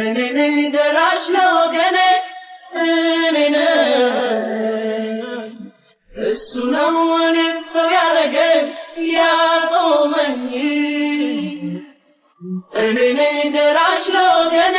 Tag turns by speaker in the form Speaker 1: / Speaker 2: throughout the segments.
Speaker 1: እኔን ደራሽ ለወገኔ እኔን እሱ ነው እኔን ሰው ያረገኝ ያቆመኝ እኔን ደራሽ ለወገኔ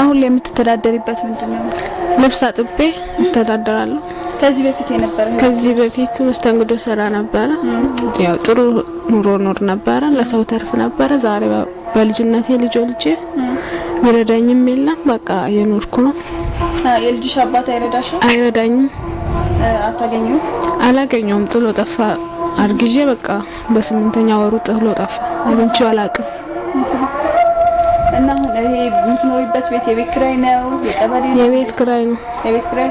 Speaker 1: አሁን ላይ የምትተዳደሪበት ምንድን ነው? ልብስ አጥቤ እተዳደራለሁ። ከዚህ በፊት የነበረ ከዚህ በፊት መስተንግዶ ስራ ነበረ። ያው ጥሩ ኑሮ ኖር ነበረ፣ ለሰው ተርፍ ነበረ። ዛሬ በልጅነቴ ልጆ ልጄ ይረዳኝም የለም። በቃ የኖርኩ ነው። የልጅሽ አባት አይረዳሽ? አይረዳኝም። አታገኘው? አላገኘውም። ጥሎ ጠፋ። አርግዤ በቃ በስምንተኛ ወሩ ጥሎ ጠፋ። አግኝቼው አላቅም። እና አሁን ይሄ የምትኖሪበት ቤት የቤት ክራይ ነው የቀበሌ ነው? የቤት ኪራይ ነው። የቤት ኪራይ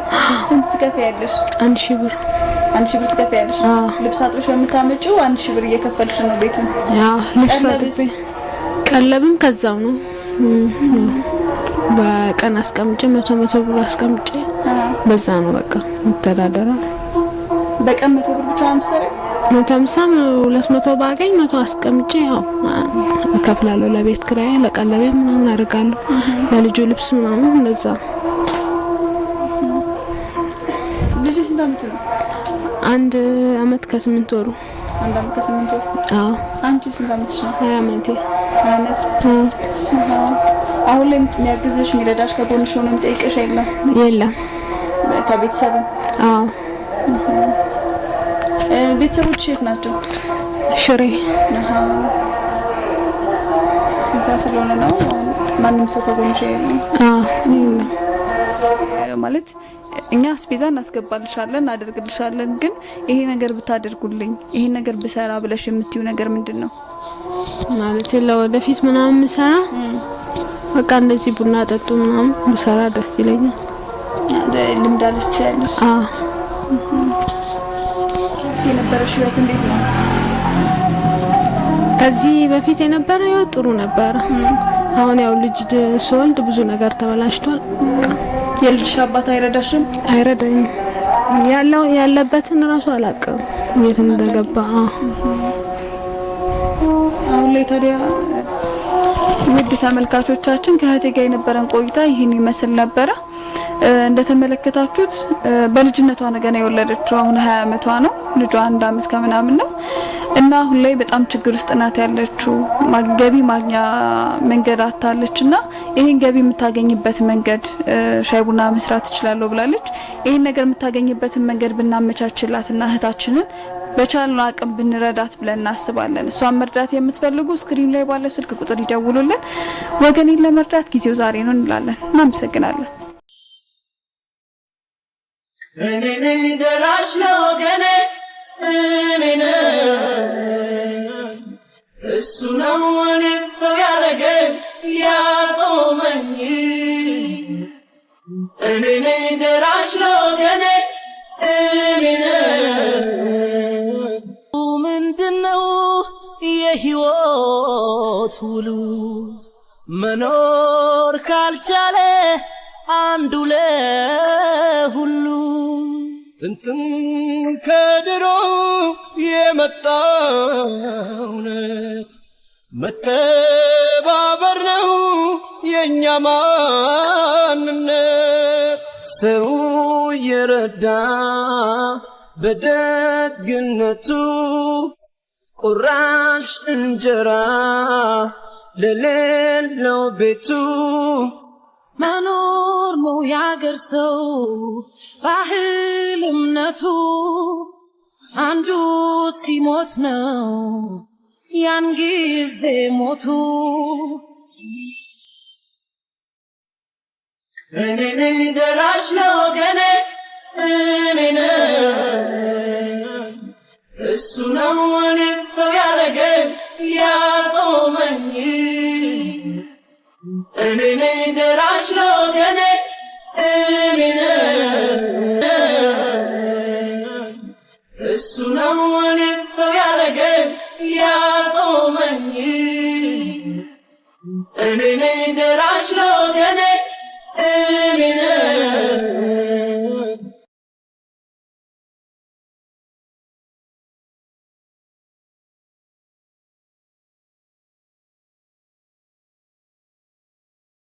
Speaker 1: ስንት ትከፍያለሽ? አንድ ሺህ ብር አንድ ሺህ ብር ትከፍያለሽ። ልብስ አጥበሽ በምታመጪው አንድ ሺህ ብር እየከፈልሽ ነው ቤቱን። አዎ ልብስ አጥቤ ቀለብም ከዛው ነው በቀን አስቀምጬ መቶ መቶ ብር አስቀምጬ በዛ ነው በቃ መተዳደራ በቀን መቶ ብር ብቻ አምሰረ መቶ ሁለት መቶ ባገኝ መቶ አስቀምጬ ያው እከፍላለሁ። ለቤት ክራይ፣ ለቀለቤ ምናምን አድርጋለሁ ለልጁ ልብስ ምናምን እንደዛ። ልጅ ስንት አመት ነው? አንድ አመት ከስምንት ወሩ። አንድ አመት ከስምንት ወሩ። አዎ። አንቺ ስንት ነው? ሀያ አመቴ። ሀያ አመት። አሁን ላይ የሚያግዝሽ የሚረዳሽ ከጎንሽ ሆኖ የሚጠይቅሽ የለም? የለም። ከቤተሰብም? አዎ ቤተሰቦች የት ናቸው? ሽሬ እዛ ስለሆነ ነው ማንም ሰው ከጎንሽ የለም ማለት እኛ አስቤዛ እናስገባልሻለን እናደርግልሻለን፣ ግን ይሄ ነገር ብታደርጉልኝ ይሄ ነገር ብሰራ ብለሽ የምትዩ ነገር ምንድን ነው? ማለት ለወደፊት ምናምን ምሰራ በቃ እንደዚህ ቡና ጠጡ ምናምን ብሰራ ደስ ይለኛል። ልምዳለች ያለች የነበረሽ ህይወት እንዴት ነው? ከዚህ በፊት የነበረ ህይወት ጥሩ ነበረ። አሁን ያው ልጅ ስወልድ ብዙ ነገር ተበላሽቷል። የልጅሽ አባት አይረዳሽም? አይረዳኝም። ያለው ያለበትን እራሱ አላውቅም የት እንደገባ። አሁን ላይ ታዲያ ውድ ተመልካቾቻችን ከእህቴ ጋር የነበረን ቆይታ ይህን ይመስል ነበረ። እንደተመለከታችሁት በልጅነቷ ገና የወለደችው አሁን 20 ዓመቷ ነው። ልጇ አንድ አመት ከምናምን ነው እና አሁን ላይ በጣም ችግር ውስጥ ናት ያለችው። ገቢ ማግኛ መንገድ አታለች እና ይህን ገቢ የምታገኝበት መንገድ ሻይ ቡና መስራት ትችላለሁ ብላለች። ይህን ነገር የምታገኝበትን መንገድ ብናመቻችላትና እህታችንን በቻልነው አቅም ብንረዳት ብለን እናስባለን። እሷን መርዳት የምትፈልጉ ስክሪን ላይ ባለ ስልክ ቁጥር ይደውሉልን። ወገኔን ለመርዳት ጊዜው ዛሬ ነው እንላለን። እናመሰግናለን። እኔን ደራሽ ለወገኔ እኔን እሱ ነው እኔን ሰው ያረገኝ ያቆመኝ እኔን ደራሽ ለወገኔ እኔን የህይወት ውሉ መኖር ካልቻለ አንዱ ለሁሉ ጥንትም ከድሮ የመጣ እውነት መተባበር ነው የእኛ ማንነት። ሰው የረዳ በደግነቱ ቁራሽ እንጀራ ለሌለው ቤቱ መኖር ነው ያገር ሰው ባህል እምነቱ አንዱ ሲሞት ነው ያን ጊዜ ሞቱ። እኔ ነኝ ደራሽ ለወገኔ